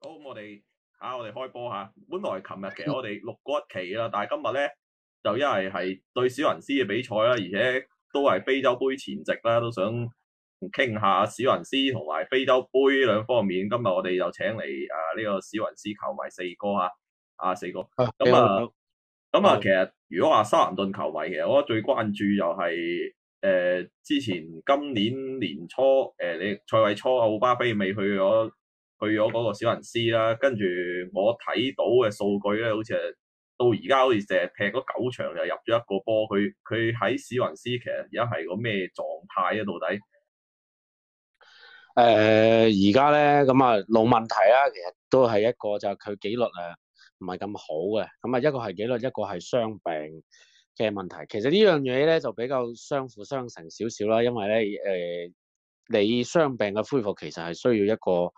好，我哋啊，我哋開波吓。本來琴日其實我哋錄過一期啦，但係今日咧就因為係對史雲斯嘅比賽啦，而且都係非洲杯前夕啦，都想傾下史雲斯同埋非洲杯兩方面。今日我哋就請嚟啊呢、這個史雲斯球迷四哥啊，四哥。咁啊，咁啊，其實如果話修咸頓球迷，其實我覺得最關注又係誒之前今年年初誒、呃、你賽季初奧巴菲美去咗？去咗嗰個史雲斯啦，跟住我睇到嘅數據咧，好似係到而家好似淨係踢咗九場，又入咗一個波。佢佢喺史雲斯其實而家係個咩狀態啊？到底？誒、呃，而家咧咁啊老問題啦、啊。其實都係一個就係佢紀律誒唔係咁好嘅。咁啊一個係紀律，一個係傷病嘅問題。其實呢樣嘢咧就比較相輔相成少少啦。因為咧誒、呃、你傷病嘅恢復，其實係需要一個。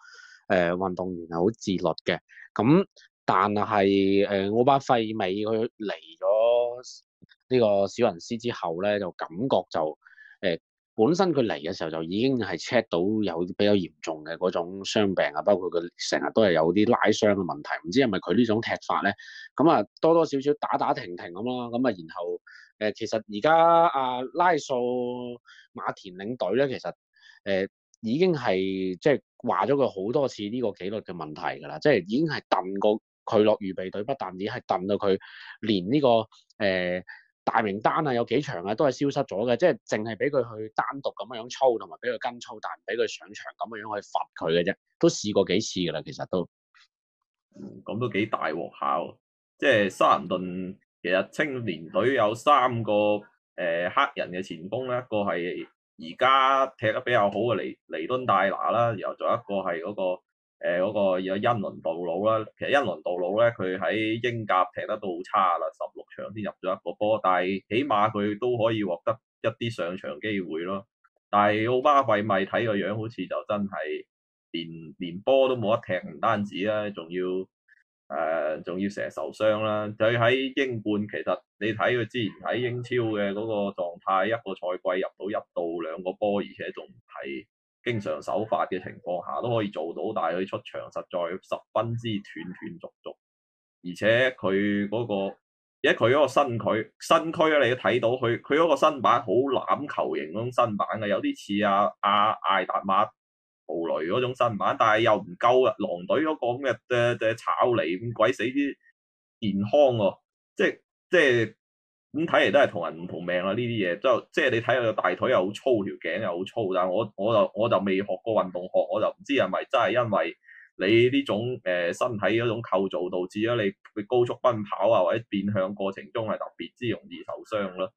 誒、呃、運動員係好自律嘅，咁、嗯、但係誒、呃、奧巴菲美佢嚟咗呢個小人師之後咧，就感覺就誒、呃、本身佢嚟嘅時候就已經係 check 到有比較嚴重嘅嗰種傷病啊，包括佢成日都係有啲拉傷嘅問題，唔知係咪佢呢種踢法咧？咁、嗯、啊多多少少打打停停咁、啊、咯，咁、嗯、啊然後誒、呃、其實而家阿拉素馬田領隊咧，其實誒、呃已經係即係話咗佢好多次呢個紀律嘅問題噶啦，即係已經係頓過佢落預備隊，不但止係頓到佢連呢、這個誒、呃、大名單啊有幾場啊都係消失咗嘅，即係淨係俾佢去單獨咁樣樣操，同埋俾佢跟操，但唔俾佢上場咁樣樣去罰佢嘅啫，都試過幾次噶啦，其實都咁都幾大鑊，即係沙林頓其實青年隊有三個誒、呃、黑人嘅前鋒咧，一個係。而家踢得比較好嘅尼尼敦戴拿啦，然後仲有一個係嗰、嗰個誒有、呃嗰個、恩倫道魯啦。其實恩倫道魯咧，佢喺英甲踢得都好差啦，十六場先入咗一個波，但係起碼佢都可以獲得一啲上場機會咯。但係奧巴菲美睇個樣，好似就真係連連波都冇得踢，唔單止啦，仲要。誒，仲、呃、要成日受傷啦！佢喺英冠，其實你睇佢之前喺英超嘅嗰個狀態，一個賽季入到一到兩個波，而且仲係經常首發嘅情況下都可以做到，但係佢出場實在十分之斷斷續續，而且佢嗰、嗰個，而家佢嗰個身佢身軀咧，你都睇到佢佢嗰個身板好欖球型嗰種身板嘅，有啲似阿阿艾達馬。無雷嗰種身板，但係又唔夠啊！狼隊嗰個咁嘅誒誒炒嚟咁鬼死啲健康喎，即係即係咁睇嚟都係同人唔同命啦呢啲嘢，即係即係你睇佢大腿又好粗，條頸又好粗，但係我我，我就我就未學過運動學，我就唔知係咪真係因為你呢種誒、呃、身體嗰種構造導致咗你高速奔跑啊或者變向過程中係特別之容易受傷啦。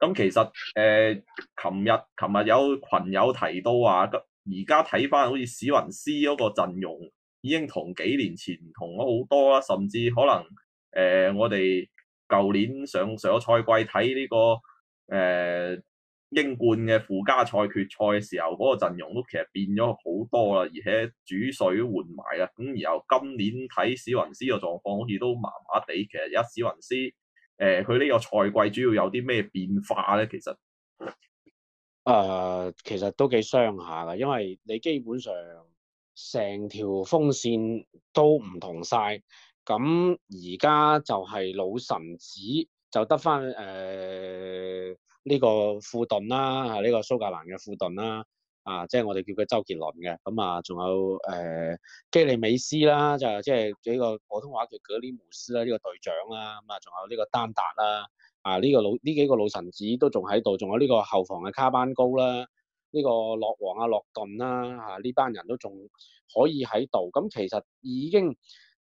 咁其實誒，琴日琴日有群友提到話而家睇翻好似史雲斯嗰個陣容，已經同幾年前唔同咗好多啦，甚至可能誒、呃，我哋舊年上上個賽季睇呢、這個誒、呃、英冠嘅附加賽決賽嘅時候，嗰、那個陣容都其實變咗好多啦，而且主帥都換埋啦，咁然後今年睇史雲斯個狀況，好似都麻麻地，其實而家史雲斯誒佢呢個賽季主要有啲咩變化咧？其實？誒，uh, 其實都幾傷下噶，因為你基本上成條鋒綫都唔同晒。咁而家就係老臣子，就得翻誒呢個富頓啦、這個、啦，啊呢個蘇格蘭嘅富頓啦，啊即係我哋叫佢周杰倫嘅。咁啊，仲有誒基利美斯啦，就即係呢個普通話叫格里姆斯啦，呢、這個隊長啦。咁啊，仲有呢個丹達啦。啊！呢、這個老呢幾個老臣子都仲喺度，仲有呢個後防嘅卡班高啦，呢、這個洛王啊洛頓啦，嚇、啊、呢班人都仲可以喺度。咁、啊、其實已經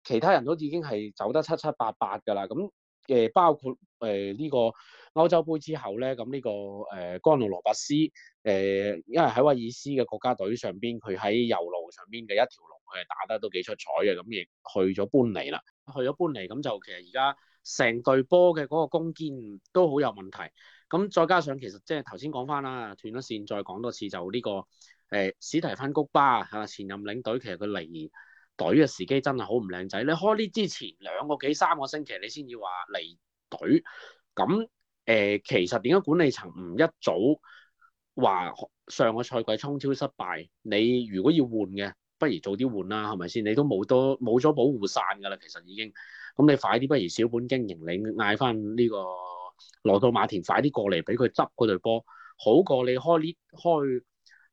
其他人都已經係走得七七八八㗎啦。咁、啊、誒包括誒呢、呃這個歐洲杯之後咧，咁、啊、呢、這個誒幹露羅拔斯誒、啊，因為喺威爾斯嘅國家隊上邊，佢喺右路上邊嘅一條龍，佢係打得都幾出彩嘅。咁、啊、亦去咗般尼啦，去咗般尼咁就其實而家。成隊波嘅嗰個攻堅都好有問題，咁再加上其實即係頭先講翻啦，斷咗線，再講多次就呢、這個誒、呃、史提芬谷巴啊，前任領隊其實佢離隊嘅時機真係好唔靚仔，你開呢之前兩個幾三個星期你先要話離隊，咁誒、呃、其實點解管理層唔一早話上個賽季衝超失敗，你如果要換嘅？不如早啲換啦，係咪先？你都冇多冇咗保護傘㗎啦，其實已經。咁你快啲，不如小本經營。你嗌翻呢個羅素馬田，快啲過嚟俾佢執嗰對波，好過你開呢開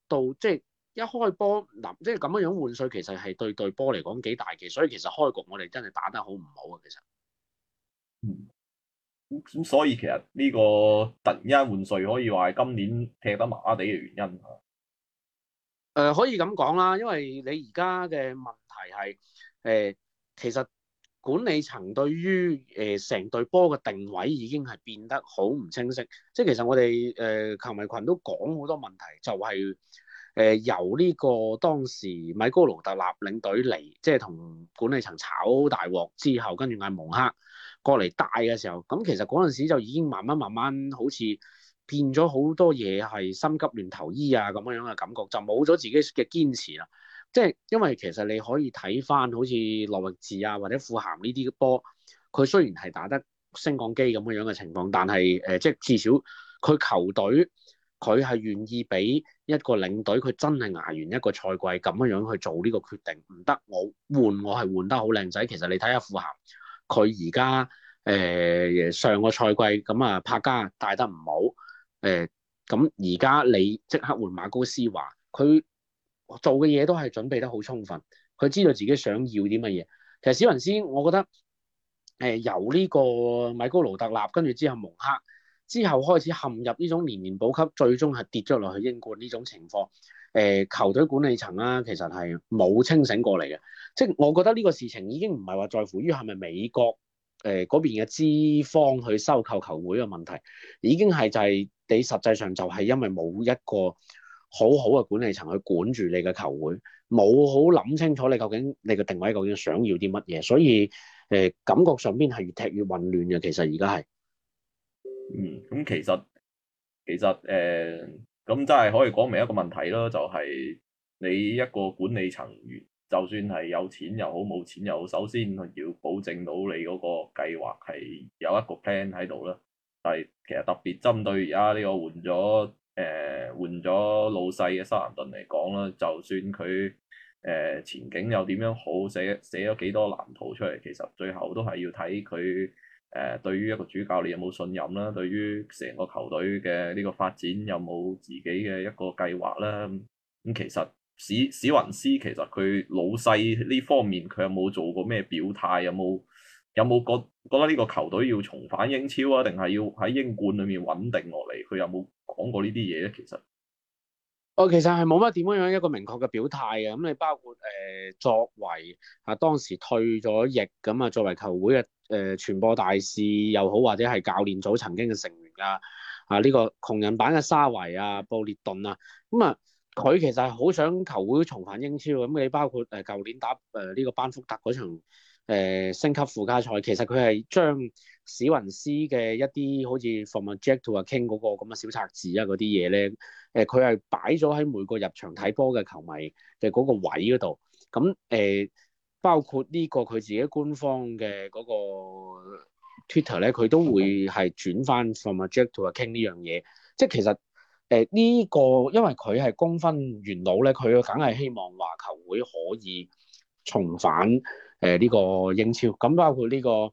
到即係一開波嗱，即係咁樣樣換帥，其實係對對波嚟講幾大嘅。所以其實開局我哋真係打得好唔好啊，其實。嗯。咁所以其實呢個突然間換帥，可以話係今年踢得麻麻地嘅原因。誒、呃、可以咁講啦，因為你而家嘅問題係誒、呃，其實管理層對於誒成隊波嘅定位已經係變得好唔清晰。即係其實我哋誒、呃、球迷群都講好多問題，就係、是、誒、呃、由呢個當時米高奴特納領隊嚟，即係同管理層炒大鑊之後，跟住嗌蒙克過嚟帶嘅時候，咁、嗯、其實嗰陣時就已經慢慢慢慢好似。變咗好多嘢，係心急亂投醫啊！咁樣樣嘅感覺就冇咗自己嘅堅持啦。即係因為其實你可以睇翻好似諾域治啊，或者富咸呢啲波，佢雖然係打得升降機咁樣樣嘅情況，但係誒、呃，即係至少佢球隊佢係願意俾一個領隊，佢真係捱完一個賽季咁樣樣去做呢個決定，唔得我換我係換得好靚仔。其實你睇下富咸，佢而家誒上個賽季咁啊，柏加帶得唔好。誒，咁而家你即刻換馬高斯華，佢做嘅嘢都係準備得好充分，佢知道自己想要啲乜嘢。其實史雲斯，我覺得誒、呃、由呢個米高魯特納跟住之後蒙克之後開始陷入呢種年年保級，最終係跌咗落去英冠呢種情況。誒、呃、球隊管理層啦、啊，其實係冇清醒過嚟嘅，即係我覺得呢個事情已經唔係話在乎於係咪美國誒嗰邊嘅資方去收購球會嘅問題，已經係就係、是。你實際上就係因為冇一個好好嘅管理層去管住你嘅球會，冇好諗清楚你究竟你嘅定位究竟想要啲乜嘢，所以誒、呃、感覺上邊係越踢越混亂嘅。其實而家係，嗯，咁其實其實誒，咁、呃、真係可以講明一個問題咯，就係、是、你一個管理層員，就算係有錢又好，冇錢又好，首先要保證到你嗰個計劃係有一個 plan 喺度啦。但係，其實特別針對而家呢個換咗誒換咗老細嘅沙南頓嚟講啦，就算佢誒前景又點樣好，寫寫咗幾多藍圖出嚟，其實最後都係要睇佢誒對於一個主教練有冇信任啦，對於成個球隊嘅呢個發展有冇自己嘅一個計劃啦。咁其實史史雲斯其實佢老細呢方面佢有冇做過咩表態，有冇？有冇覺覺得呢個球隊要重返英超啊？定係要喺英冠裏面穩定落嚟？佢有冇講過呢啲嘢咧？其實哦，其實係冇乜點樣一個明確嘅表態嘅。咁、嗯、你包括誒、呃、作為啊當時退咗役咁啊、嗯，作為球會嘅誒、呃、傳播大使又好，或者係教練組曾經嘅成員啊啊呢、這個窮人版嘅沙維啊、布列頓啊，咁啊佢其實係好想球會重返英超。咁、嗯、你包括誒舊、呃、年打誒呢、呃這個班福特嗰場。誒、呃，升級附加賽其實佢係將史雲斯嘅一啲好似 From a Jack To a King 嗰個咁嘅小冊子啊，嗰啲嘢咧，誒、呃，佢係擺咗喺每個入場睇波嘅球迷嘅嗰個位嗰度。咁、嗯、誒、呃，包括呢個佢自己官方嘅嗰個 Twitter 咧，佢都會係轉翻 From a Jack To a King 呢樣嘢。即係其實誒呢、呃這個，因為佢係功勳元老咧，佢梗係希望話球會可以重返。誒呢個英超，咁包括呢、這個誒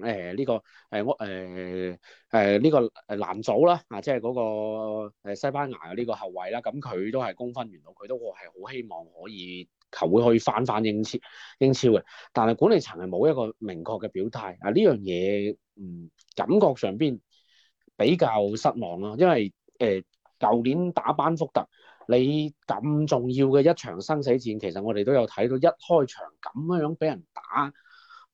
呢、呃這個誒我誒呢個誒蘭祖啦，啊即係嗰個西班牙嘅呢個後衞啦，咁、啊、佢、嗯、都係功勳元老，佢都我係好希望可以球會可以翻返英超英超嘅，但係管理層係冇一個明確嘅表態啊呢樣嘢，嗯，感覺上邊比較失望咯，因為誒舊、呃、年打班福特。你咁重要嘅一場生死戰，其實我哋都有睇到一開場咁樣樣俾人打，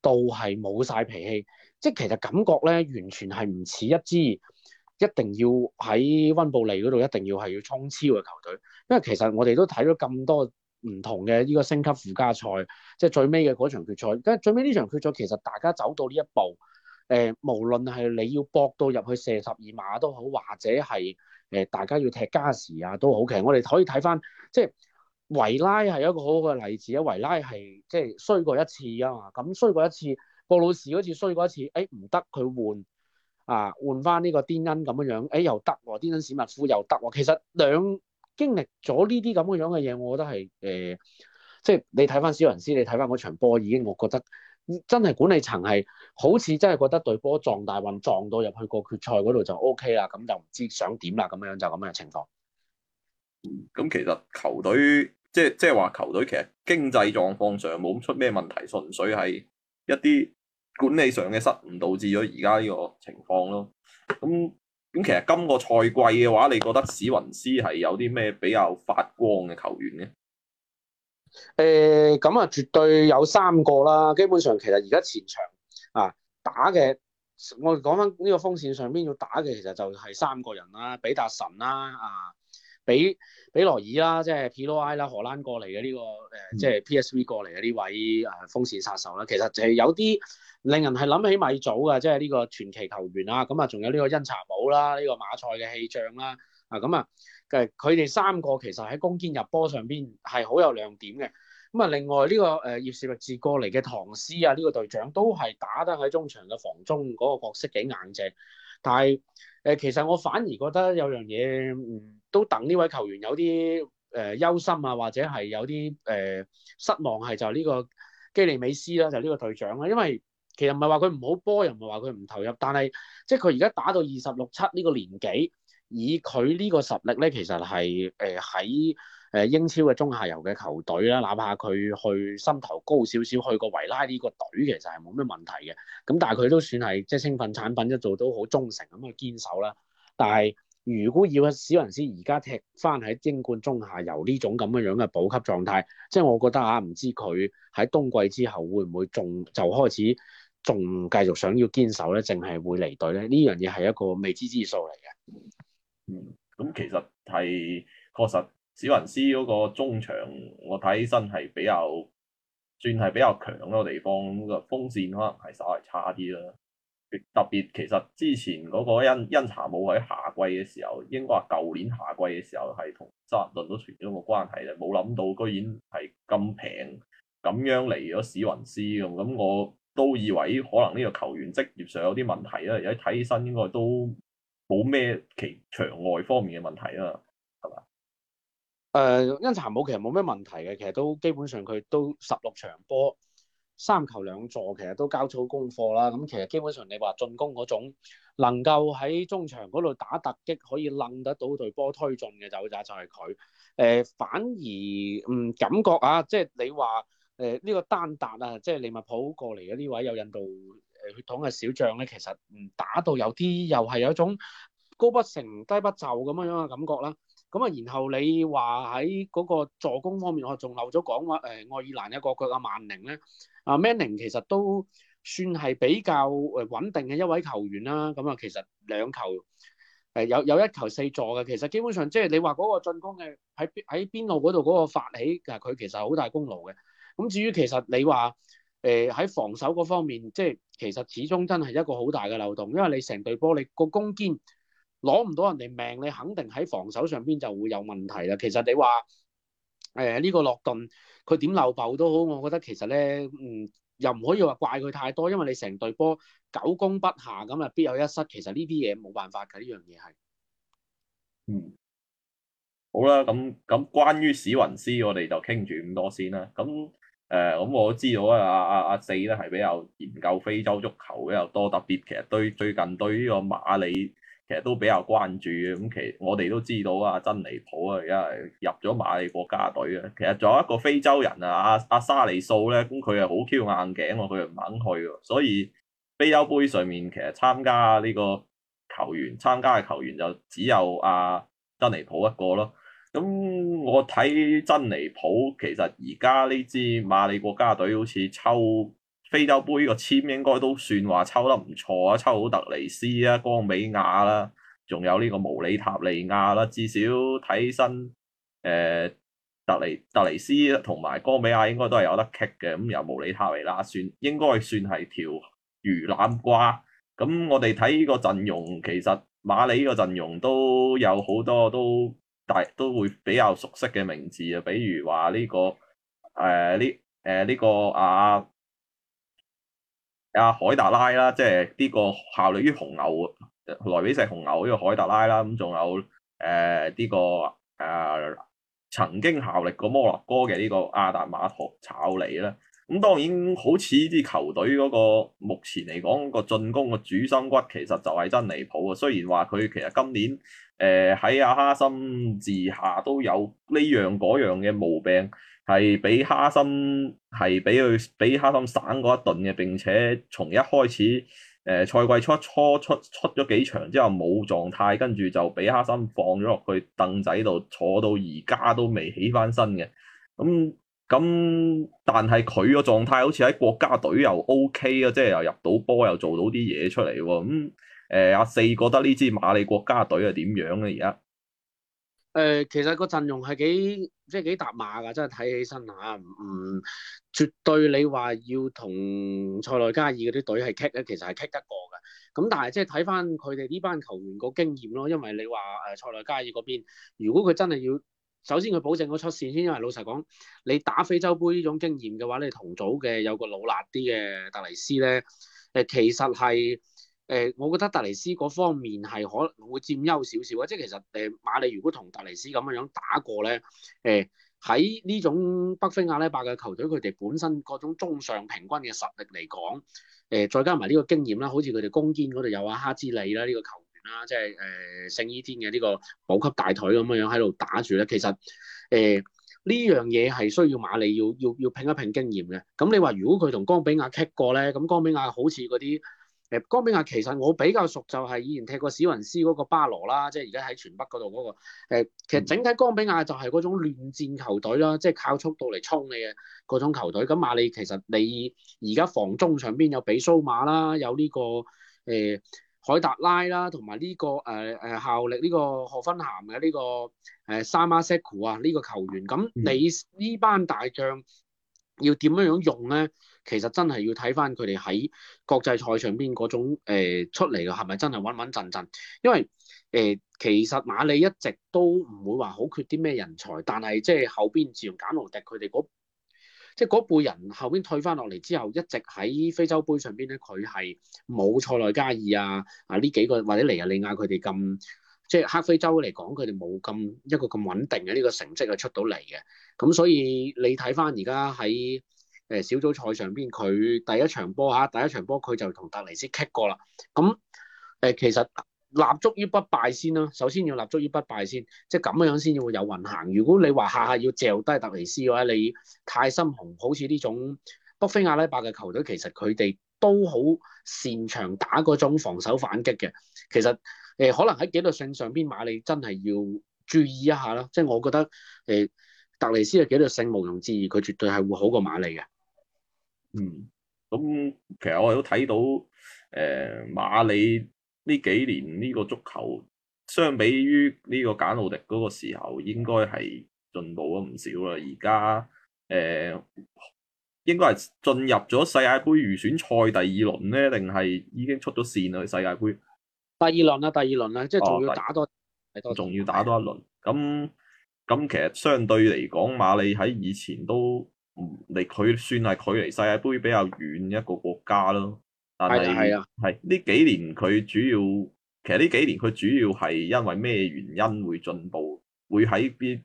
到係冇晒脾氣，即係其實感覺咧，完全係唔似一支一定要喺溫布利嗰度一定要係要衝超嘅球隊。因為其實我哋都睇咗咁多唔同嘅呢個升級附加賽，即係最尾嘅嗰場決賽。跟住最尾呢場決賽，其實大家走到呢一步，誒、呃，無論係你要搏到入去射十二碼都好，或者係。誒，大家要踢加時啊，都好嘅。我哋可以睇翻，即係維拉係一個好好嘅例子啊。維拉係即係衰過一次啊嘛，咁衰過一次，布魯士嗰次衰過一次，誒唔得，佢換啊，換翻呢個丁恩咁樣樣，誒、欸、又得喎、啊，丁恩史密夫又得喎、啊。其實兩經歷咗呢啲咁嘅樣嘅嘢，我覺得係誒、呃，即係你睇翻史雲斯，你睇翻嗰場波已經，我覺得。真係管理層係好似真係覺得對波撞大運撞到入去個決賽嗰度就 O K 啦，咁就唔知想點啦，咁樣樣就咁嘅情況。咁、嗯、其實球隊即係即係話球隊其實經濟狀況上冇出咩問題，純粹係一啲管理上嘅失誤導致咗而家呢個情況咯。咁、嗯、咁其實今個賽季嘅話，你覺得史雲斯係有啲咩比較發光嘅球員呢？誒，咁啊、呃，絕對有三個啦。基本上，其實而家前場啊打嘅，我哋講翻呢個鋒線上邊要打嘅，其實就係三個人啦，比達臣啦，啊，比比羅爾啦，即係皮羅埃啦，荷蘭過嚟嘅呢個誒、呃，即係 PSV 過嚟嘅呢位誒鋒線殺手啦。其實就係有啲令人係諗起米祖嘅，即係呢個傳奇球員、啊、啦。咁啊，仲有呢個恩查保啦，呢個馬賽嘅氣象啦。啊，咁啊。佢哋三個其實喺攻堅入波上邊係好有亮點嘅。咁啊，另外呢個誒葉士域治過嚟嘅唐斯啊，呢個隊長都係打得喺中場嘅防中嗰個角色幾硬淨，但係誒其實我反而覺得有樣嘢，嗯，都等呢位球員有啲誒憂心啊，或者係有啲誒失望係，就呢個基利美斯啦、啊，就呢個隊長啦、啊，因為其實唔係話佢唔好波，又唔係話佢唔投入，但係即係佢而家打到二十六七呢個年紀。以佢呢個實力咧，其實係誒喺誒英超嘅中下游嘅球隊啦。哪怕佢去心頭高少少，去過維拉呢個隊，其實係冇咩問題嘅。咁但係佢都算係即係青訓產品一做到好忠誠咁去堅守啦。但係如果要小人先而家踢翻喺英冠中下游呢種咁嘅樣嘅保級狀態，即係我覺得啊，唔知佢喺冬季之後會唔會仲就開始仲繼續想要堅守咧，淨係會離隊咧？呢樣嘢係一個未知之數嚟嘅。嗯，咁、嗯、其實係確實史雲斯嗰個中場，我睇起身係比較算係比較強一個地方，咁個鋒線可能係稍為差啲啦。特別其實之前嗰個恩查姆喺夏季嘅時候，應該話舊年夏季嘅時候係同扎倫都存咗個關係啦，冇諗到居然係咁平咁樣嚟咗史雲斯咁，咁我都以為可能呢個球員職業上有啲問題啦，而家睇起身應該都。冇咩其場外方面嘅問題啊，係嘛？誒、呃，恩查姆其實冇咩問題嘅，其實都基本上佢都十六場波三球兩助，其實都交咗功課啦。咁、嗯、其實基本上你話進攻嗰種能夠喺中場嗰度打突擊可以掹得到隊波推進嘅就就係佢。誒、呃，反而唔感覺啊，即係你話誒呢個丹達啊，即係利物浦過嚟嘅呢位有印度。血統嘅小將咧，其實嗯打到有啲又係有一種高不成低不就咁樣樣嘅感覺啦。咁啊，然後你話喺嗰個助攻方面，我仲漏咗講話誒愛爾蘭一國腳阿曼寧咧，阿曼寧其實都算係比較誒穩定嘅一位球員啦。咁、嗯、啊，其實兩球誒有有一球四助嘅，其實基本上即係你話嗰個進攻嘅喺邊喺邊路嗰度嗰個發起，佢其實好大功勞嘅。咁至於其實你話，誒喺、呃、防守嗰方面，即係其實始終真係一個好大嘅漏洞，因為你成隊波你個攻堅攞唔到人哋命，你肯定喺防守上邊就會有問題啦。其實你話誒呢個洛頓佢點漏爆都好，我覺得其實咧，嗯，又唔可以話怪佢太多，因為你成隊波久攻不下咁啊，必有一失。其實呢啲嘢冇辦法嘅呢樣嘢係。嗯，好啦，咁咁關於史雲斯，我哋就傾住咁多先啦。咁。誒，咁、嗯、我知道啊，阿阿阿四咧，係比較研究非洲足球比較多，特別其實對最近對呢個馬里，其實都比較關注嘅。咁、嗯、其我哋都知道啊，阿珍尼普啊而家係入咗馬里國家隊嘅。其實仲有一個非洲人啊，阿、啊、阿沙尼素咧，咁佢又好 Q 硬頸，佢又唔肯去，所以非洲杯上面其實參加呢個球員參加嘅球員就只有阿珍尼普一個咯。咁我睇真離譜，其實而家呢支馬里國家隊好似抽非洲杯個籤，應該都算話抽得唔錯啊！抽好特尼斯啊、剛美亞啦，仲有呢個毛里塔尼亞啦。至少睇起身，誒、呃、特尼特尼斯同埋剛美亞應該都係有得 kick 嘅，咁由毛里塔尼亞算應該算係條魚腩瓜。咁我哋睇呢個陣容，其實馬里個陣容都有好多都大都會比較熟悉嘅名字啊，比如話呢、呢個誒呢誒呢個啊啊海達拉啦，即係呢個效力於紅牛，萊比錫紅牛呢個海達拉啦，咁仲有誒呢、呃呢個啊、呃、曾經效力過摩洛哥嘅呢個亞達馬托炒你啦。咁當然，好似啲球隊嗰、個目前嚟講、個進攻個主心骨，其實就係真離譜啊！雖然話佢其實今年誒喺阿哈森治下都有呢樣嗰樣嘅毛病，係俾哈森係俾佢俾哈森省過一頓嘅。並且從一開始誒賽、呃、季初初出出咗幾場之後冇狀態，跟住就俾哈森放咗落去凳仔度坐到而家都未起翻身嘅。咁、嗯。咁但係佢個狀態好似喺國家隊又 OK 啊，即係又入到波又做到啲嘢出嚟喎。咁誒阿四覺得呢支馬里國家隊係點樣咧？而家誒其實個陣容係幾即係幾搭馬噶，真係睇起身嚇唔絕對。你話要同塞內加爾嗰啲隊係 kick 咧，其實係 kick 得過嘅。咁但係即係睇翻佢哋呢班球員個經驗咯，因為你話誒塞內加爾嗰邊，如果佢真係要。首先佢保證咗出線先，因為老實講，你打非洲杯呢種經驗嘅話，你同組嘅有個老辣啲嘅特尼斯咧，誒其實係誒、呃，我覺得特尼斯嗰方面係可能會佔優少少啊。即係其實誒、呃、馬里如果同特尼斯咁樣樣打過咧，誒喺呢種北非阿拉伯嘅球隊，佢哋本身各種中上平均嘅實力嚟講誒再加埋呢個經驗啦，好似佢哋攻堅嗰度有阿、啊、哈茲利啦，呢個球。啦，即係誒、呃、聖伊天嘅呢個保級大腿咁樣樣喺度打住咧。其實誒呢樣嘢係需要馬里要要要拼一拼經驗嘅。咁你話如果佢同江比亞踢過咧，咁江比亞好似嗰啲誒江比亞其實我比較熟就係以前踢過史雲斯嗰個巴羅啦，即係而家喺全北嗰度嗰個、呃、其實整體江比亞就係嗰種亂戰球隊啦，即係靠速度嚟衝你嘅嗰種球隊。咁馬里其實你而家防中上邊有比蘇馬啦，有呢、這個誒。呃海達拉啦、啊，同埋呢個誒誒效力呢個荷芬咸嘅呢、這個誒、呃、沙馬塞庫啊，呢、這個球員咁，你呢班大將要點樣樣用咧？其實真係要睇返佢哋喺國際賽上邊嗰種、呃、出嚟嘅係咪真係穩穩陣陣？因為誒、呃、其實馬里一直都唔會話好缺啲咩人才，但係即係後邊自從簡奴迪佢哋即係嗰輩人後邊退翻落嚟之後，一直喺非洲杯上邊咧，佢係冇塞內加爾啊啊呢幾個或者尼日利亞佢哋咁，即係黑非洲嚟講，佢哋冇咁一個咁穩定嘅呢個成績係出到嚟嘅。咁所以你睇翻而家喺誒小組賽上邊，佢第一場波嚇、啊、第一場波佢就同突尼斯踢過啦。咁誒、呃、其實。立足於不敗先啦，首先要立足於不敗先，即係咁樣先會有運行。如果你話下下要嚼低特尼斯嘅話，你太心雄，好似呢種北非阿拉伯嘅球隊，其實佢哋都好擅長打嗰種防守反擊嘅。其實誒、呃，可能喺紀律性上邊，馬里真係要注意一下啦。即係我覺得誒、呃，特尼斯嘅紀律性毋庸置疑，佢絕對係會好過馬里嘅。嗯，咁其實我都睇到誒馬里。呃呢幾年呢個足球相比於呢個簡奧迪嗰個時候，應該係進步咗唔少啦。而家誒應該係進入咗世界盃預選賽第二輪咧，定係已經出咗線啦？世界盃第二輪啦，第二輪啦，即係仲要打多仲要打多一輪。咁咁、哦、其實相對嚟講，馬里喺以前都唔離佢算係距離世界盃比較遠一個國家咯。係係啊，係呢幾年佢主要，其實呢幾年佢主要係因為咩原因會進步，會喺邊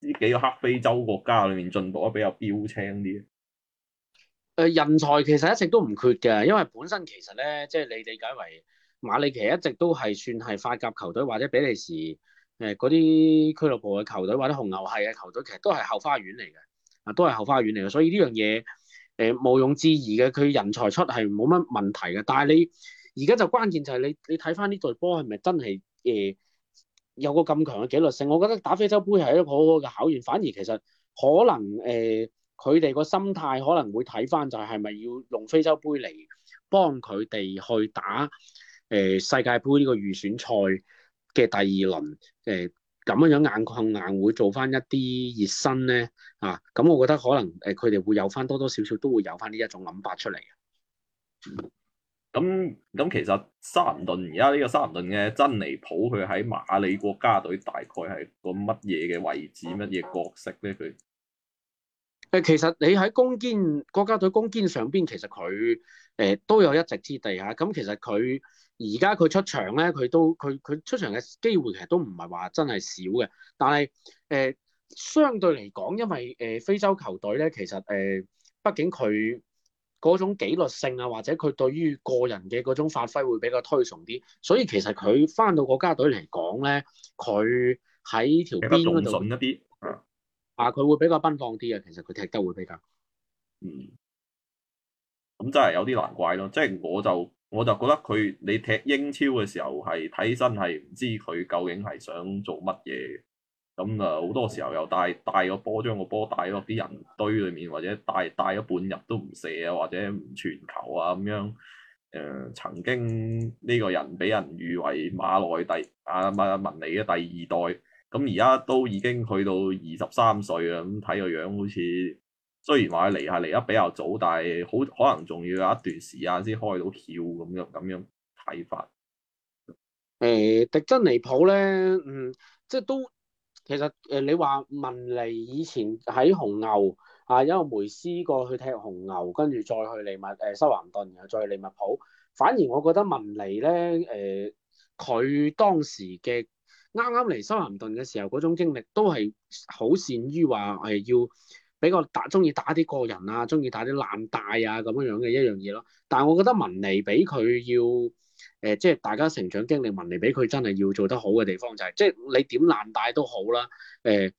呢幾個黑非洲國家裏面進步得比較標青啲？誒，人才其實一直都唔缺嘅，因為本身其實咧，即係你理解為馬里奇一直都係算係法甲球隊或者比利時誒嗰啲俱樂部嘅球隊或者紅牛係嘅球隊，其實都係後花園嚟嘅，啊，都係後花園嚟嘅，所以呢樣嘢。誒、呃，毋庸置疑嘅，佢人才出係冇乜問題嘅，但係你而家就關鍵就係你你睇翻，呢隊波係咪真係誒、呃、有個咁強嘅紀律性？我覺得打非洲杯係一個好好嘅考驗，反而其實可能誒佢哋個心態可能會睇翻就係係咪要用非洲杯嚟幫佢哋去打誒、呃、世界杯呢個預選賽嘅第二輪誒。呃咁樣硬抗硬眼會做翻一啲熱身咧啊！咁、嗯、我覺得可能誒佢哋會有翻多多少少都會有翻呢一種諗法出嚟嘅。咁咁、嗯、其實沙文頓而家呢個沙文頓嘅珍尼普，佢喺馬里國家隊大概係個乜嘢嘅位置、乜嘢、嗯、角色咧？佢誒其實你喺攻堅國家隊攻堅上邊，其實佢誒、呃、都有一席之地嚇。咁、啊、其實佢而家佢出場咧，佢都佢佢出場嘅機會其實都唔係話真係少嘅，但係誒、呃、相對嚟講，因為誒、呃、非洲球隊咧，其實誒、呃、畢竟佢嗰種紀律性啊，或者佢對於個人嘅嗰種發揮會比較推崇啲，所以其實佢翻到國家隊嚟講咧，佢喺條邊度順一啲，啊，佢會比較奔放啲啊，其實佢踢得會比較，嗯，咁真係有啲難怪咯，即、就、係、是、我就。我就覺得佢你踢英超嘅，時候係睇起身係唔知佢究竟係想做乜嘢？咁啊好多時候又帶帶個波將個波帶落啲人堆裏面，或者帶帶咗半日都唔射啊，或者唔傳球啊咁樣。誒、呃，曾經呢個人俾人譽為馬內第阿阿、啊、文尼嘅第二代，咁而家都已經去到二十三歲啦，咁睇個樣好似～雖然話佢嚟下嚟得比較早，但係好可能仲要有一段時間先開到竅咁樣咁樣睇法。誒、呃、迪珍尼普咧，嗯，即係都其實誒、呃、你話文尼以前喺紅牛啊，有梅斯過去踢紅牛，跟住再去利物浦誒，修咸頓，然後再去利物浦。反而我覺得文尼咧誒，佢、呃、當時嘅啱啱嚟修咸頓嘅時候嗰種經歷，都係好善於話誒、呃、要。比較打中意打啲個人啊，中意打啲爛帶啊咁樣樣嘅一樣嘢咯。但係我覺得文尼比佢要誒、呃，即係大家成長經歷，文尼比佢真係要做得好嘅地方就係、是，即係你點爛帶都好啦，誒、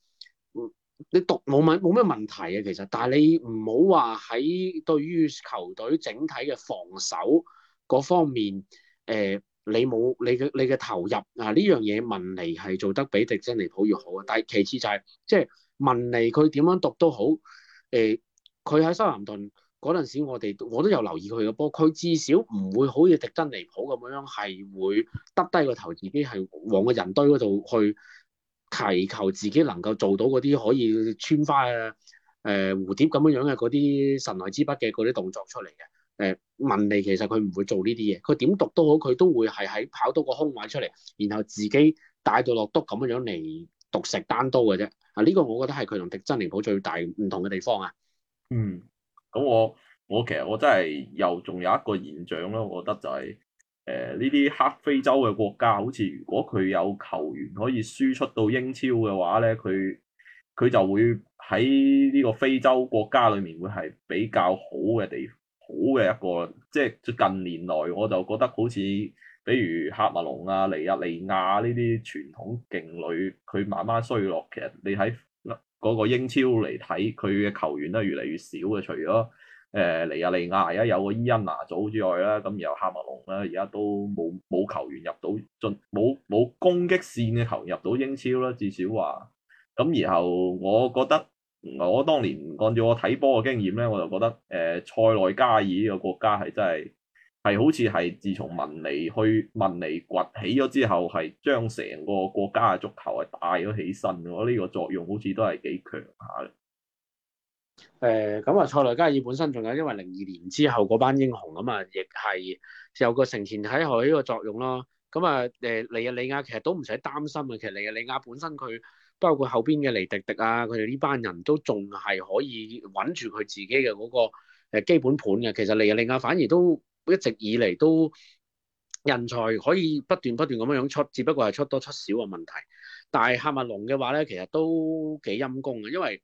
呃，你讀冇問冇咩問題嘅、啊、其實。但係你唔好話喺對於球隊整體嘅防守嗰方面，誒、呃，你冇你嘅你嘅投入啊呢樣嘢，文尼係做得比迪珍尼普要好啊。但係其次就係、是、即係。文尼佢點樣讀都好，誒、呃，佢喺蘇蘭頓嗰陣時我，我哋我都有留意佢嘅波。佢至少唔會好似迪珍尼普咁樣樣，係會耷低個頭，自己係往個人堆嗰度去祈求自己能夠做到嗰啲可以穿花嘅、啊、誒、呃、蝴蝶咁樣樣嘅嗰啲神來之筆嘅嗰啲動作出嚟嘅。誒、呃，文尼其實佢唔會做呢啲嘢，佢點讀都好，佢都會係喺跑到個空位出嚟，然後自己帶到落篤咁樣嚟。獨食單刀嘅啫，啊呢個我覺得係佢同迪珍尼普最大唔同嘅地方啊。嗯，咁我我其實我真係又仲有一個現象咯，我覺得就係誒呢啲黑非洲嘅國家，好似如果佢有球員可以輸出到英超嘅話咧，佢佢就會喺呢個非洲國家裏面會係比較好嘅地方，好嘅一個，即係近年來我就覺得好似。比如喀麥隆啊、尼日利亞呢啲傳統勁旅，佢慢慢衰落。其實你喺嗰個英超嚟睇，佢嘅球員都係越嚟越少嘅。除咗誒尼日利亞而家有個伊恩拿祖之外啦，咁然後喀麥隆咧而家都冇冇球員入到進，冇冇攻擊線嘅球員入到英超啦。至少話咁，然後我覺得我當年按照我睇波嘅經驗咧，我就覺得誒、呃、塞內加爾呢個國家係真係。係好似係自從文尼去文尼崛起咗之後，係將成個國家嘅足球係帶咗起身嘅，呢、這個作用好似都係幾強下嘅。誒、呃，咁啊，塞內加爾本身仲有，因為零二年之後嗰班英雄咁啊，亦係有一個承前啟後呢個作用咯。咁啊，誒、呃，尼日利亞其實都唔使擔心啊。其實尼日利亞本身佢包括後邊嘅尼迪迪啊，佢哋呢班人都仲係可以穩住佢自己嘅嗰個基本盤嘅。其實尼日利亞反而都。一直以嚟都人才可以不斷不斷咁樣出，只不過係出多出少嘅問題。但係夏文龍嘅話咧，其實都幾陰功嘅，因為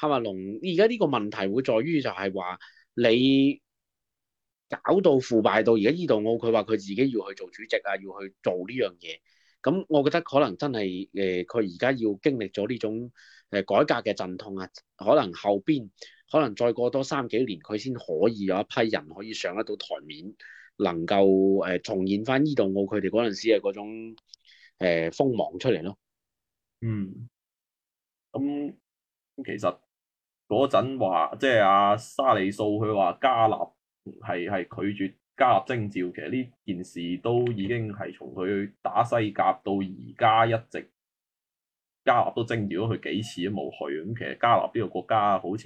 夏文龍而家呢個問題會在於就係話你搞到腐敗到而家依度，奧佢話佢自己要去做主席啊，要去做呢樣嘢。咁我覺得可能真係誒，佢而家要經歷咗呢種誒改革嘅陣痛啊，可能後邊。可能再過多三幾年，佢先可以有一批人可以上得到台面，能夠誒重現翻伊杜奧佢哋嗰陣時嘅嗰種誒鋒、呃、芒出嚟咯嗯。嗯，咁其實嗰陣話，即係阿沙利素佢話加納係係拒絕加納徵召，其實呢件事都已經係從佢打西甲到而家一直。加納都征召咗佢幾次都冇去，咁其實加納呢個國家好似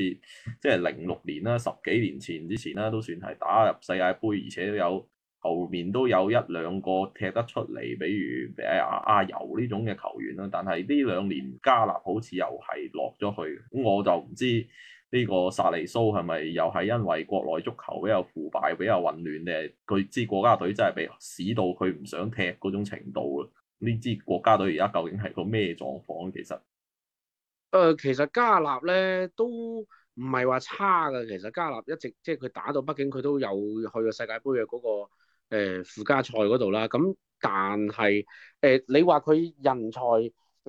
即係零六年啦，十幾年前之前啦，都算係打入世界盃，而且都有後面都有一兩個踢得出嚟，比如誒阿尤呢種嘅球員啦。但係呢兩年加納好似又係落咗去，咁我就唔知呢個薩利蘇係咪又係因為國內足球比較腐敗、比較混亂定係佢支國家隊真係畀屎到佢唔想踢嗰種程度。呢支國家隊而家究竟係個咩狀況？其實誒，其實加納咧都唔係話差嘅。其實加納一直即係佢打到畢竟佢都有去到世界杯嘅嗰個誒、呃、附加賽嗰度啦。咁但係誒、呃，你話佢人才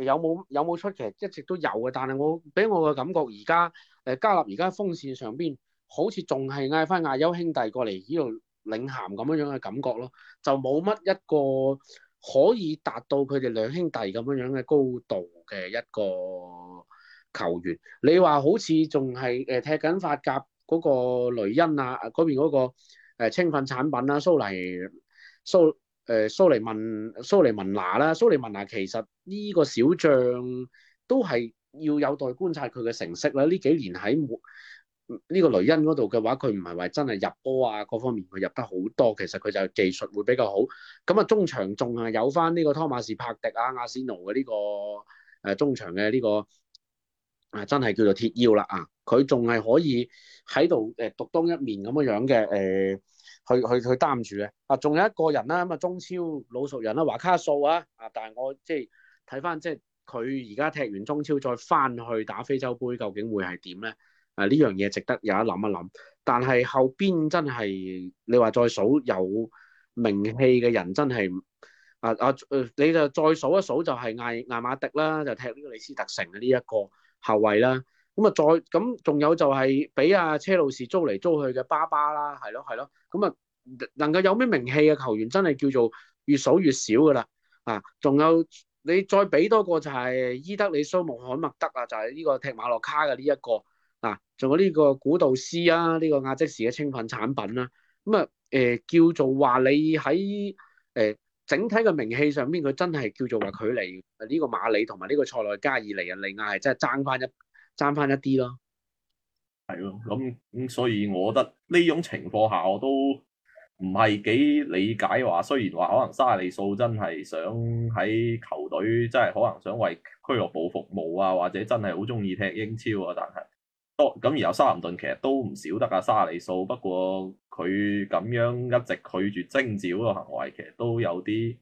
有冇有冇出奇，一直都有嘅。但係我俾我嘅感覺，而家誒加納而家鋒線上邊好似仲係嗌翻亞優兄弟過嚟呢度領銜咁樣樣嘅感覺咯，就冇乜一個。可以達到佢哋兩兄弟咁樣樣嘅高度嘅一個球員，你話好似仲係誒踢緊法甲嗰個雷恩啊，嗰邊嗰個青訓產品，啊呃啦，蘇黎蘇誒蘇黎文蘇黎文拿啦，蘇黎文拿其實呢個小將都係要有待觀察佢嘅成績啦，呢幾年喺呢個雷恩嗰度嘅話，佢唔係話真係入波啊，各方面佢入得好多。其實佢就技術會比較好。咁啊、這個呃，中場仲係有翻呢個托馬斯帕迪啊、阿仙奴嘅呢個誒中場嘅呢個啊，真係叫做鐵腰啦啊！佢仲係可以喺度誒獨當一面咁樣樣嘅誒，去去去擔住嘅。啊，仲、呃呃啊、有一個人啦，咁啊中超老熟人啦，華卡素啊，啊，但係我即係睇翻即係佢而家踢完中超再翻去打非洲杯，究竟會係點咧？啊！呢樣嘢值得有想一諗一諗，但係後邊真係你話再數有名氣嘅人真係啊啊誒，你就再數一數就係艾艾馬迪啦，就踢呢個里斯特城嘅呢一個後衞啦。咁啊，再咁仲有就係俾阿車路士租嚟租去嘅巴巴啦，係咯係咯。咁啊，能夠有咩名氣嘅球員真係叫做越數越少噶啦啊！仲有你再俾多個就係伊德里蘇穆罕默德啊，就係、是、呢個踢馬洛卡嘅呢一個。嗱，仲有呢個古道斯啊，呢、這個亞積士嘅青訓產品啦、啊，咁啊誒叫做話你喺誒、呃、整體嘅名氣上邊，佢真係叫做話佢離呢、這個馬里同埋呢個塞內加爾尼啊利亞係真係爭翻一爭翻一啲咯，係咯，咁咁所以我覺得呢種情況下，我都唔係幾理解話，雖然話可能沙利素真係想喺球隊真係可能想為俱樂部服務啊，或者真係好中意踢英超啊，但係。多咁、哦，然後沙林頓其實都唔少得啊，沙里素。不過佢咁樣一直拒絕徵召嗰個行為，其實都有啲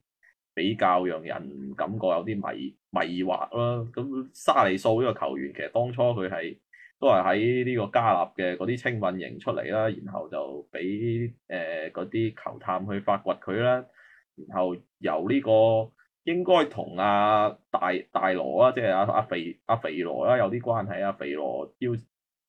比較讓人感覺有啲迷迷惑啦。咁沙里素呢個球員，其實當初佢係都係喺呢個加納嘅嗰啲青訓營出嚟啦，然後就俾誒嗰啲球探去發掘佢啦，然後由呢、這個應該同阿大大羅啦，即係阿阿肥阿、啊、肥羅啦有啲關係，阿、啊、肥羅要。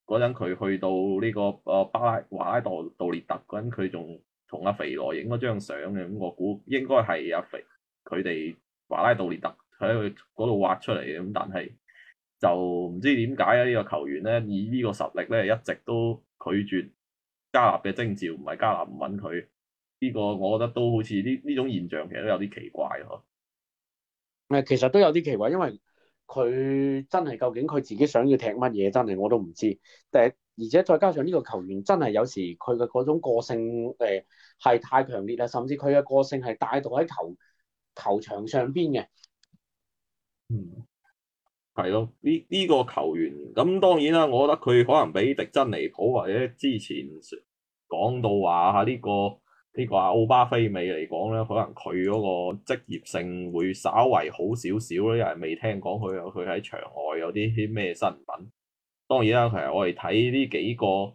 嗰陣佢去到呢個誒巴拉瓦拉道道列特嗰陣，佢仲同阿肥羅影咗張相嘅。咁我估應該係阿肥佢哋瓦拉道列特喺佢嗰度挖出嚟嘅，咁但係就唔知點解啊，呢個球員咧，以呢個實力咧，一直都拒絕加納嘅徵召，唔係加納唔揾佢呢個，我覺得都好似呢呢種現象其實都有啲奇怪呵。誒，其實都有啲奇怪，因為。佢真係究竟佢自己想要踢乜嘢？真係我都唔知。誒，而且再加上呢個球員真係有時佢嘅嗰種個性誒係、呃、太強烈啦，甚至佢嘅個性係帶到喺球球場上邊嘅。嗯，係咯。呢呢、呢個球員。咁當然啦，我覺得佢可能比迪真離譜，或者之前講到話嚇呢個。呢個阿奧巴菲美嚟講咧，可能佢嗰個職業性會稍為好少少咧，因為未聽講佢有佢喺場外有啲咩新聞。當然啦，其實我哋睇呢幾個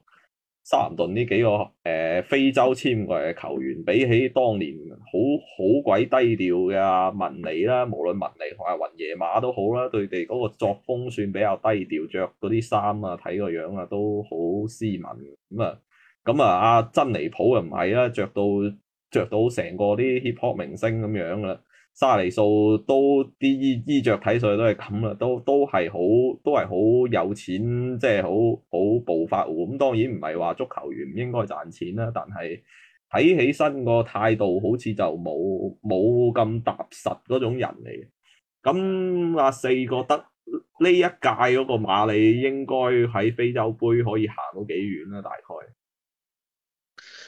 沙頓呢幾個誒、呃、非洲簽貴嘅球員，比起當年好好鬼低調嘅文尼啦，無論文尼同埋雲野馬都好啦，佢哋嗰個作風算比較低調，着嗰啲衫啊，睇個樣啊都好斯文咁啊。咁啊，阿珍尼普又唔係啦，着到著到成個啲 hip-hop 明星咁樣啦，沙尼素都啲衣衣著睇上去都係咁啦，都都係好都係好有錢，即係好好暴發戶。咁當然唔係話足球員唔應該賺錢啦，但係睇起身個態度好似就冇冇咁踏實嗰種人嚟。咁阿四覺得呢一屆嗰個馬里應該喺非洲杯可以行到幾遠啦，大概？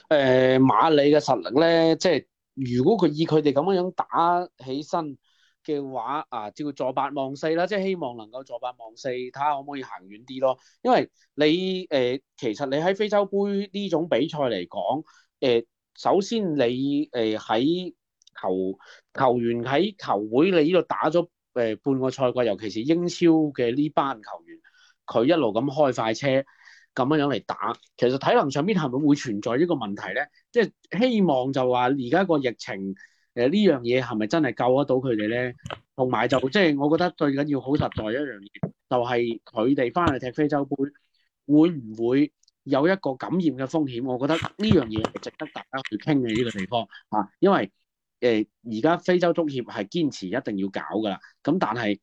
誒，馬里嘅實力咧，即係如果佢以佢哋咁樣樣打起身嘅話，啊，照坐八望四啦，即係希望能夠坐八望四，睇下可唔可以行遠啲咯。因為你誒、呃，其實你喺，非洲杯呢種比賽嚟講，誒、呃，首先你誒喺球球員喺球會，你呢度打咗誒半個賽季，尤其是英超嘅呢班球員，佢一路咁開快車。咁樣樣嚟打，其實體能上邊係咪會存在呢個問題咧？即係希望就話而家個疫情誒呢樣嘢係咪真係救得到佢哋咧？同埋就即係我覺得最緊要好實在一樣嘢，就係佢哋翻去踢非洲杯，會唔會有一個感染嘅風險？我覺得呢樣嘢係值得大家去傾嘅呢個地方嚇，因為誒而家非洲足協係堅持一定要搞㗎啦。咁但係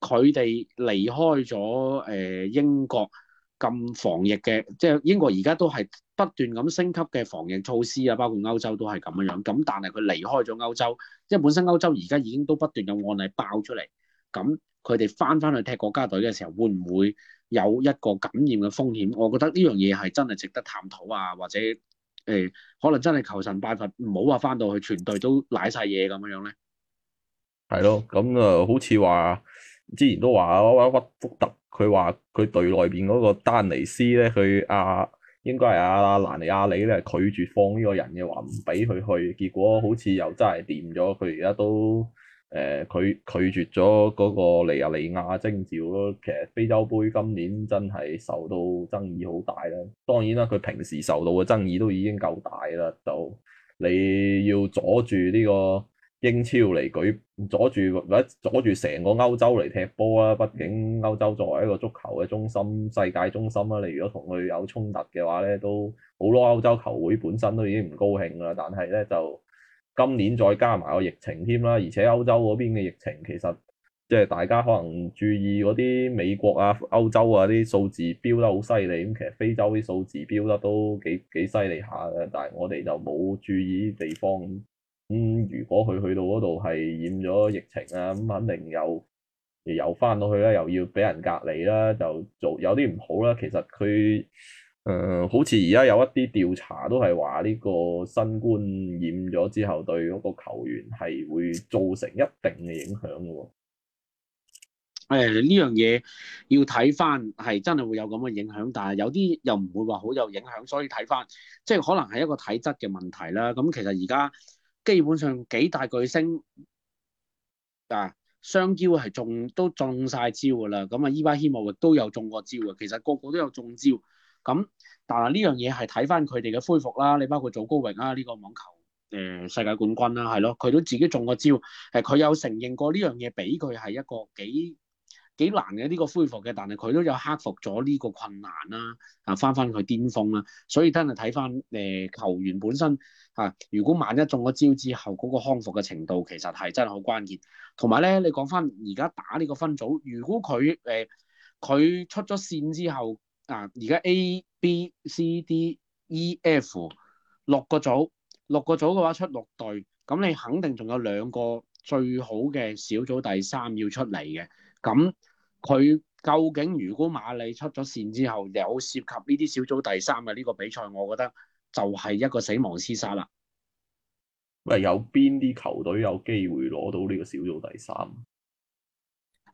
佢哋離開咗誒、呃、英國。咁防疫嘅，即係英國而家都係不斷咁升級嘅防疫措施啊，包括歐洲都係咁樣。咁但係佢離開咗歐洲，即係本身歐洲而家已經都不斷有案例爆出嚟，咁佢哋翻翻去踢國家隊嘅時候，會唔會有一個感染嘅風險？我覺得呢樣嘢係真係值得探討啊，或者誒、呃，可能真係求神拜佛，唔好話翻到去全隊都舐晒嘢咁樣咧。係咯，咁啊、呃，好似話。之前都話屈福特佢話佢隊內邊嗰個丹尼斯咧，佢阿應該係阿阿蘭尼亞里咧拒絕放呢個人嘅話，唔俾佢去，結果好似又真係掂咗，佢而家都誒、呃、拒拒絕咗嗰個尼亞利亞徵召咯。其實非洲杯今年真係受到爭議好大啦，當然啦，佢平時受到嘅爭議都已經夠大啦，就你要阻住呢、這個。英超嚟舉阻住，或者阻住成個歐洲嚟踢波啊，畢竟歐洲作為一個足球嘅中心、世界中心啦。你如果同佢有衝突嘅話咧，都好多歐洲球會本身都已經唔高興啦。但係咧就今年再加埋個疫情添啦，而且歐洲嗰邊嘅疫情其實即係大家可能注意嗰啲美國啊、歐洲啊啲數字飆得好犀利咁，其實非洲啲數字飆得都幾幾犀利下嘅，但係我哋就冇注意啲地方。咁如果佢去到嗰度係染咗疫情啊，咁肯定又又翻到去啦，又要俾人隔離啦，就做有啲唔好啦。其實佢誒、呃，好似而家有一啲調查都係話呢個新冠染咗之後，對嗰個球員係會造成一定嘅影響嘅。誒、哎，呢樣嘢要睇翻係真係會有咁嘅影響，但係有啲又唔會話好有影響，所以睇翻即係可能係一個體質嘅問題啦。咁其實而家。基本上幾大巨星啊，雙驕係中都中晒招噶啦，咁啊伊巴希姆都有中過招嘅，其實個個都有中招。咁、啊、但係呢樣嘢係睇翻佢哋嘅恢復啦，你包括祖高榮啊呢、呢個網球誒、嗯、世界冠軍啦、啊，係咯，佢都自己中過招，誒、啊、佢有承認過呢樣嘢，俾佢係一個幾幾難嘅呢個恢復嘅，但係佢都有克服咗呢個困難啦、啊，啊翻翻佢巔峰啦、啊，所以真係睇翻誒球員本身啊，如果萬一中咗招之後，嗰個康復嘅程度其實係真係好關鍵。同埋咧，你講翻而家打呢個分組，如果佢誒佢出咗線之後啊，而家 A、B、C、D、E、F 六個組，六個組嘅話出六隊，咁你肯定仲有兩個最好嘅小組第三要出嚟嘅。咁佢究竟如果馬里出咗線之後有涉及呢啲小組第三嘅呢個比賽，我覺得就係一個死亡廝殺啦。喂，有邊啲球隊有機會攞到呢個小組第三？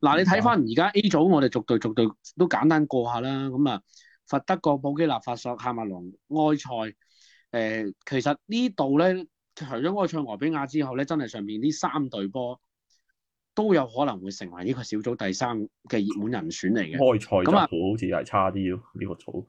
嗱，你睇翻而家 A 組，我哋逐隊逐隊，逐隊都簡單過下啦。咁啊，佛得角、布基納法索、喀麥隆、埃塞，誒、呃，其實呢度咧，除咗埃塞俄比亞之後咧，真係上邊呢三隊波。都有可能會成為呢個小組第三嘅熱門人選嚟嘅。開賽就組好似又係差啲咯，呢、啊、個組。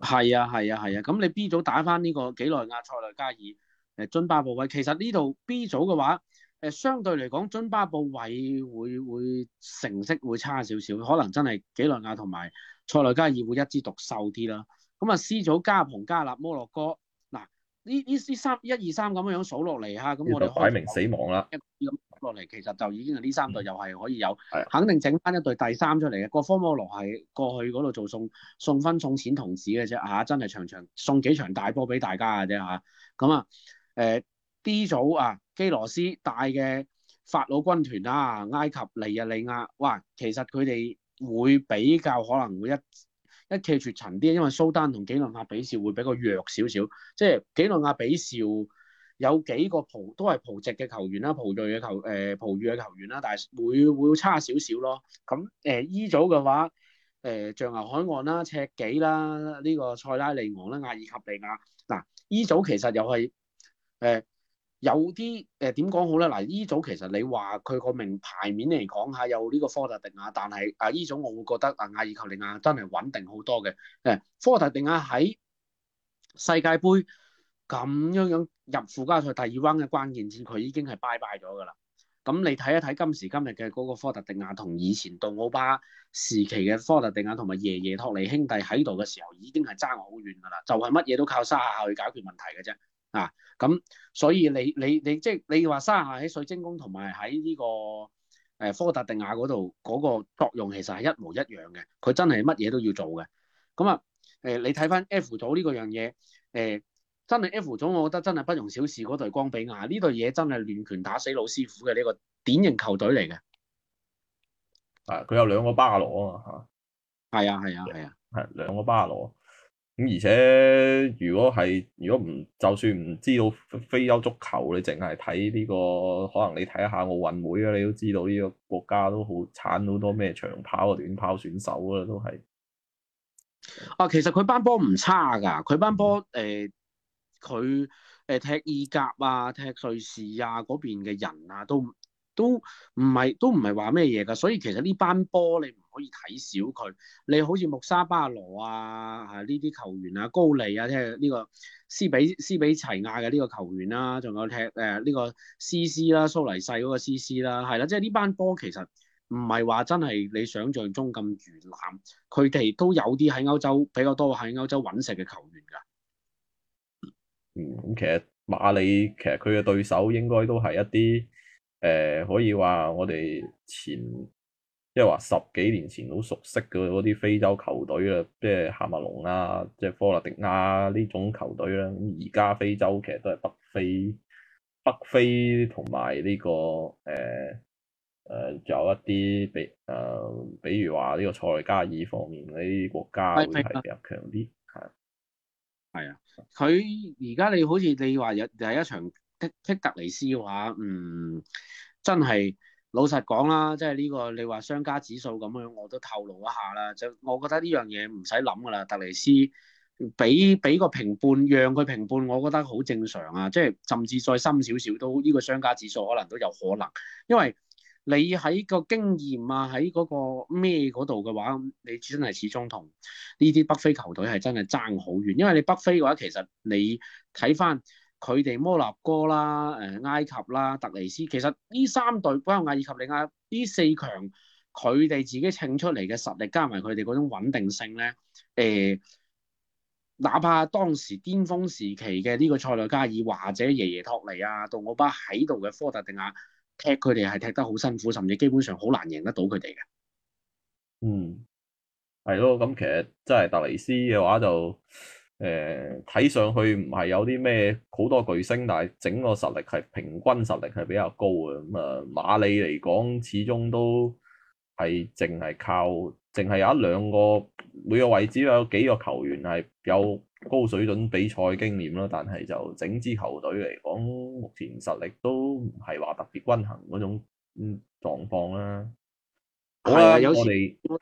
係啊係啊係啊，咁、啊啊啊、你 B 組打翻呢個幾內亞、塞內加爾、誒津巴布韋，其實呢度 B 組嘅話，誒、呃、相對嚟講津巴布韋會會，會成績會差少少，可能真係幾內亞同埋塞內加爾會一枝獨秀啲啦。咁啊 C 組加蓬、加納、摩洛哥，嗱呢呢呢三一二三咁樣樣數落嚟吓，咁我哋擺明死亡啦。落嚟其實就已經係呢三隊又係可以有，的肯定整翻一隊第三出嚟嘅。個科摩羅係過去嗰度做送送分送錢同志嘅啫嚇，真係場場送幾場大波俾大家嘅啫嚇。咁啊誒、啊、D 組啊，基羅斯帶嘅法老軍團啊，埃及、尼日利亞，哇、啊，其實佢哋會比較可能會一一騎住塵啲，因為蘇丹同幾內亞比紹會比較弱少少，即係幾內亞比紹。有幾個葡都係葡籍嘅球員啦，葡裔嘅球誒，葡、呃、裔嘅球員啦，但係會會差少少咯。咁誒，依、呃 e、組嘅話誒，象、呃、牙海岸啦，赤幾啦，呢、這個塞拉利昂啦，阿爾及利亞嗱，依、啊 e、組其實又係誒有啲誒點講好咧嗱，依、呃啊 e、組其實你話佢個名牌面嚟講下有呢個科特迪瓦，但係啊依、e、組我會覺得啊阿爾及利亞真係穩定好多嘅誒、啊，科特迪瓦喺世界盃。咁樣樣入附加賽第二 round 嘅關鍵戰，佢已經係拜拜咗㗎啦。咁你睇一睇今時今日嘅嗰個科特迪瓦，同以前杜奧巴時期嘅科特迪瓦，同埋耶耶托尼兄弟喺度嘅時候，已經係爭好遠㗎啦。就係乜嘢都靠沙夏去解決問題嘅啫。啊，咁所以你你你即係、就是、你話沙夏喺水晶宮同埋喺呢個誒、呃、科特迪瓦嗰度嗰個作用，其實係一模一樣嘅。佢真係乜嘢都要做嘅。咁啊誒，你睇翻 F 組呢個樣嘢誒？呃真係 F 組，我覺得真係不容小視，嗰隊剛比亞呢隊嘢真係亂拳打死老師傅嘅呢個典型球隊嚟嘅。係佢、啊、有兩個巴羅啊嘛嚇，係啊係啊係啊，係、啊啊啊啊、兩個巴羅。咁、嗯、而且如果係如果唔就算唔知道非洲足球，你淨係睇呢個可能你睇下奧運會啊，你都知道呢個國家都好產好多咩長跑啊短跑選手啊，都係。啊，其實佢班波唔差㗎，佢班波誒。嗯呃佢誒、呃、踢意甲啊，踢瑞士啊，嗰邊嘅人啊，都都唔係都唔係話咩嘢㗎，所以其實呢班波你唔可以睇小佢。你好似穆沙巴羅啊，啊呢啲球員啊，高利啊，即係呢個斯比斯比齊亞嘅呢個球員啦、啊，仲有踢誒呢、呃呢個 C.C. 啦、啊，蘇黎世嗰個 C.C. 啦、啊，係啦，即係呢班波其實唔係話真係你想象中咁魚腩，佢哋都有啲喺歐洲比較多喺歐洲揾食嘅球員㗎。嗯，咁其實馬里其實佢嘅對手應該都係一啲誒、呃、可以話我哋前即係話十幾年前好熟悉嘅嗰啲非洲球隊啊，即係喀麥隆啊，即係科納迪亞呢種球隊啦。咁而家非洲其實都係北非北非同埋呢個誒誒、呃呃、有一啲比誒，比如話呢個塞內加爾方面嗰啲國家會係比較強啲。係啊，佢而家你好似你話有係一場剔剔特尼斯嘅話，嗯，真係老實講啦，即係呢個你話商家指數咁樣，我都透露一下啦。就我覺得呢樣嘢唔使諗噶啦，特尼斯俾俾個平半，讓佢平半我覺得好正常啊。即係甚至再深少少都呢個商家指數可能都有可能，因為。你喺個經驗啊，喺嗰個咩嗰度嘅話，你真係始終同呢啲北非球隊係真係爭好遠。因為你北非嘅話，其實你睇翻佢哋摩洛哥啦、誒埃及啦、特尼斯，其實呢三隊包括阿爾及利亞呢四強，佢哋自己稱出嚟嘅實力加埋佢哋嗰種穩定性咧，誒、呃，哪怕當時巔峰時期嘅呢個塞內加爾或者耶耶托尼啊、杜奧巴喺度嘅科特迪瓦。踢佢哋係踢得好辛苦，甚至基本上好難贏得到佢哋嘅。嗯，係咯，咁其實即係特尼斯嘅話就，誒、呃、睇上去唔係有啲咩好多巨星，但係整個實力係平均實力係比較高嘅。咁、嗯、啊，馬里嚟講始終都係淨係靠。淨係有一兩個，每個位置有幾個球員係有高水準比賽經驗啦，但係就整支球隊嚟講，目前實力都唔係話特別均衡嗰種嗯狀況啦。係啊，的我哋有時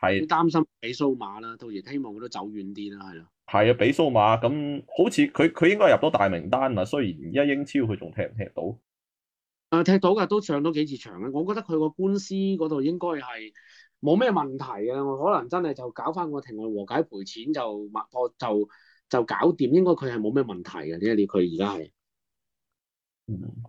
係擔心比蘇馬啦，到時希望佢都走遠啲啦，係咯。係啊，比蘇馬咁好似佢佢應該入到大名單啊，雖然而家英超佢仲踢唔踢到？啊、呃，踢到噶都上咗幾次場啦。我覺得佢個官司嗰度應該係。冇咩問題嘅，我可能真係就搞翻個庭外和解賠錢就抹我就就，就搞掂，應該佢係冇咩問題嘅，即係你佢而家係。嗯，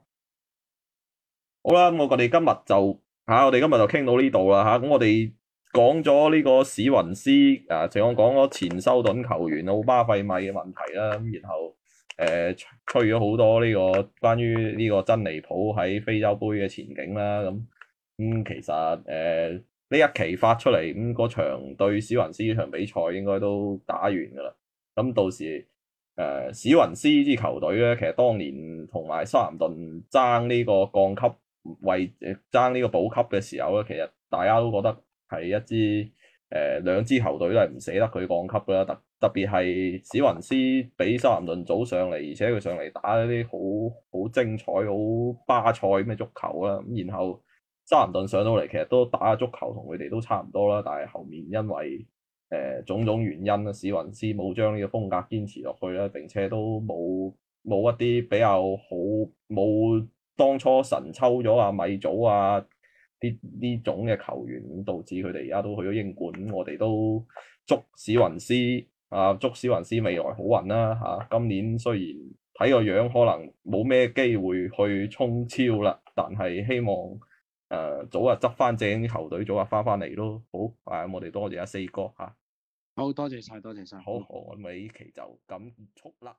好啦、啊，我哋今日就吓，啊、我哋今日就傾到呢度啦吓，咁我哋講咗呢個史雲斯啊，仲有講咗前修盾球員奧巴費米嘅問題啦。咁然後誒，吹咗好多呢、這個關於呢個珍尼普喺非洲杯嘅前景啦，咁咁、嗯、其實誒。呃呢一期發出嚟，咁、那、嗰、個、場對史雲斯呢場比賽應該都打完噶啦。咁到時，誒、呃、史雲斯呢支球隊咧，其實當年同埋沙林頓爭呢個降級，為爭呢個保級嘅時候咧，其實大家都覺得係一支誒兩、呃、支球隊都係唔捨得佢降級噶啦。特特別係史雲斯比沙林頓早上嚟，而且佢上嚟打一啲好好精彩、好巴塞咩足球呀。咁然後。沙雲頓上到嚟，其實都打足球同佢哋都差唔多啦。但係後面因為誒、呃、種種原因啦，史雲斯冇將呢個風格堅持落去啦，並且都冇冇一啲比較好冇當初神抽咗啊米祖啊啲呢種嘅球員，導致佢哋而家都去咗英冠。我哋都祝史雲斯啊祝史雲斯未來好運啦嚇、啊！今年雖然睇個樣可能冇咩機會去衝超啦，但係希望。誒、呃，早啊執翻正啲球隊，早啊翻翻嚟咯，好，誒、嗯、我哋多謝阿四哥吓，啊、好多謝晒，多謝晒，好好，我哋呢期就咁結束啦。